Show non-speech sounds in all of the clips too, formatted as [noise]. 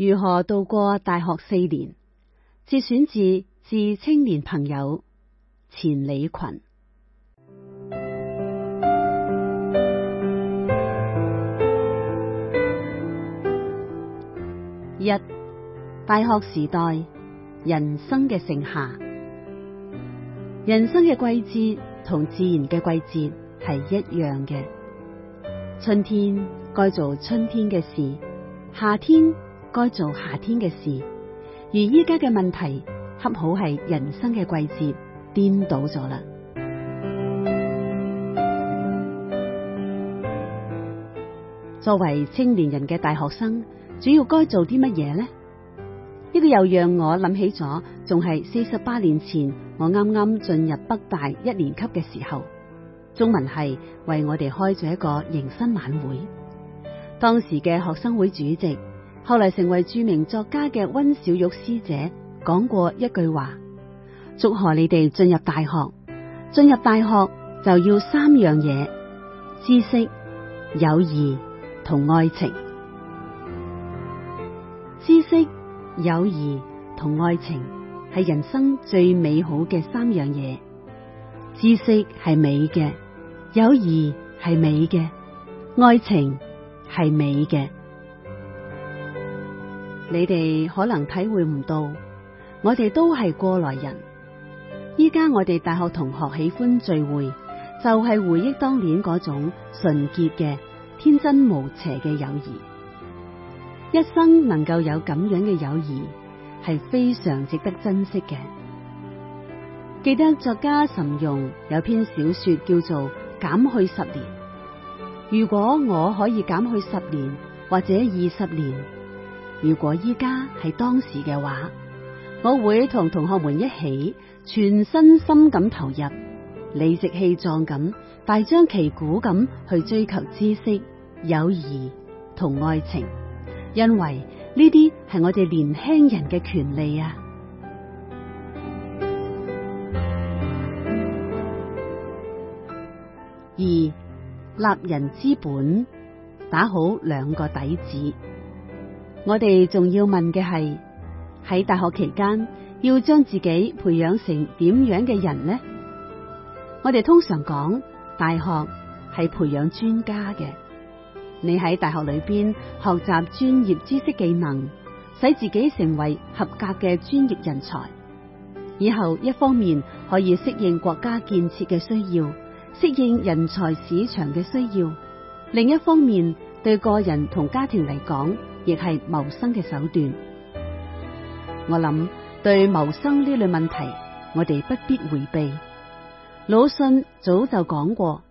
如何度過大學四年？節選自《致青年朋友》，錢理群。一大學時代，人生嘅盛夏。人生嘅季節同自然嘅季節係一樣嘅。春天該做春天嘅事，夏天。該做夏天嘅事，而依家嘅問題恰好係人生嘅季節顛倒咗啦。作為青年人嘅大學生，主要該做啲乜嘢呢？呢個又讓我諗起咗，仲係四十八年前我啱啱進入北大一年級嘅時候，中文系為我哋開咗一個迎新晚會，當時嘅學生會主席。後來成為著名作家嘅溫小玉師姐講過一句話：祝賀你哋進入大學。進入大學就要三樣嘢：知識、友誼同愛情。知識、友誼同愛情係人生最美好嘅三樣嘢。知識係美嘅，友誼係美嘅，愛情係美嘅。你哋可能體會唔到，我哋都係過來人。依家我哋大學同學喜歡聚會，就係、是、回憶當年嗰種純潔嘅天真無邪嘅友誼。一生能夠有咁樣嘅友誼，係非常值得珍惜嘅。記得作家諶容有篇小說叫做《減去十年》，如果我可以減去十年或者二十年。如果依家係當時嘅話，我會同同學們一起全身心咁投入，理直氣壯咁大張旗鼓咁去追求知識、友誼同愛情，因為呢啲係我哋年輕人嘅權利啊！二、立人之本，打好兩個底子。我哋仲要問嘅係，喺大學期間要將自己培養成點樣嘅人呢？我哋通常講，大學係培養專家嘅，你喺大學裏邊學習專業知識技能，使自己成為合格嘅專業人才。以後一方面可以適應國家建設嘅需要，適應人才市場嘅需要；另一方面，對個人同家庭嚟講。亦係謀生嘅手段。我諗對謀生呢類問題，我哋不必回避。魯迅早就講過：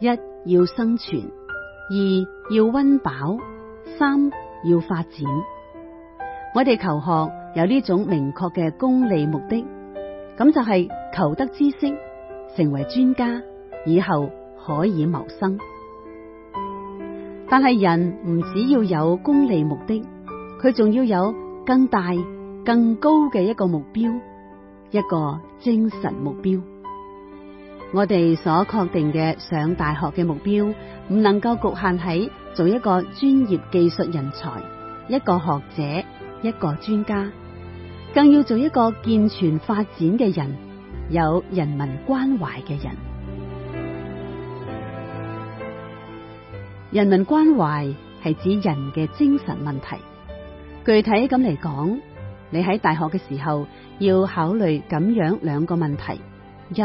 一要生存，二要溫飽，三要發展。我哋求學有呢種明確嘅功利目的，咁就係求得知識，成為專家，以後可以謀生。但係人唔只要有功利目的，佢仲要有更大、更高嘅一個目標，一個精神目標。我哋所確定嘅上大學嘅目標，唔能夠局限喺做一個專業技術人才、一個學者、一個專家，更要做一個健全發展嘅人，有人民關懷嘅人。人民關懷係指人嘅精神問題，具體咁嚟講，你喺大學嘅時候要考慮咁樣兩個問題：一、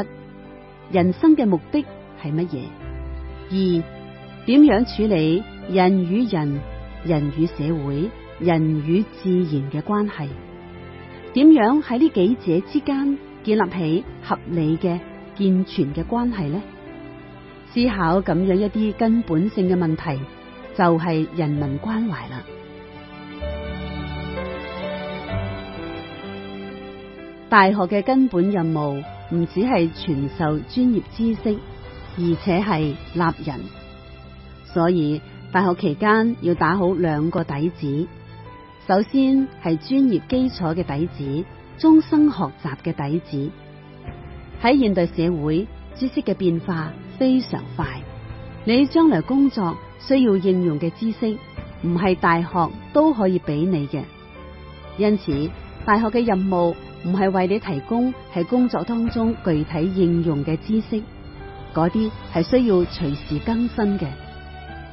人生嘅目的係乜嘢；二、點樣處理人與人、人與社會、人與自然嘅關係？點樣喺呢幾者之間建立起合理嘅、健全嘅關係呢？思考咁樣一啲根本性嘅問題，就係、是、人文關懷啦。 [music] 大學嘅根本任務唔只係傳授專業知識，而且係立人。所以，大學期間要打好兩個底子，首先係專業基礎嘅底子，終生學習嘅底子。喺現代社會。知識嘅變化非常快，你將來工作需要應用嘅知識，唔係大學都可以俾你嘅。因此，大學嘅任務唔係為你提供喺工作當中具體應用嘅知識，嗰啲係需要隨時更新嘅。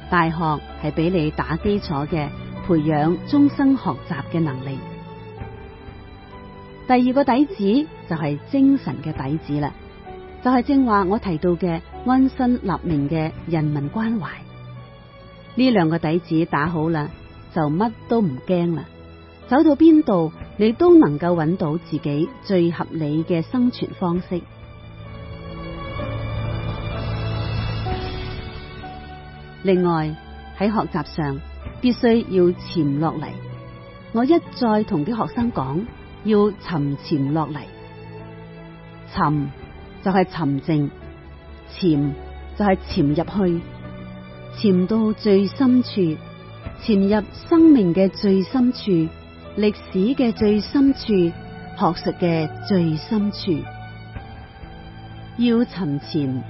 大學係俾你打基礎嘅，培養終身學習嘅能力。第二個底子就係精神嘅底子啦。就係正話我提到嘅安身立命嘅人民關懷，呢兩個底子打好啦，就乜都唔驚啦。走到邊度，你都能夠揾到自己最合理嘅生存方式。另外喺學習上，必須要潛落嚟。我一再同啲學生講，要沉潛落嚟，沉。就係沉靜，潛就係、是、潛入去，潛到最深處，潛入生命嘅最深處，歷史嘅最深處，學術嘅最深處，要沉潛，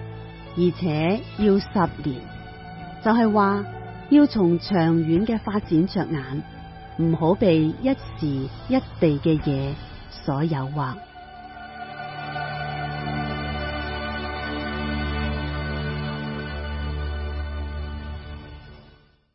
而且要十年，就係、是、話要從長遠嘅發展着眼，唔好被一時一地嘅嘢所誘惑。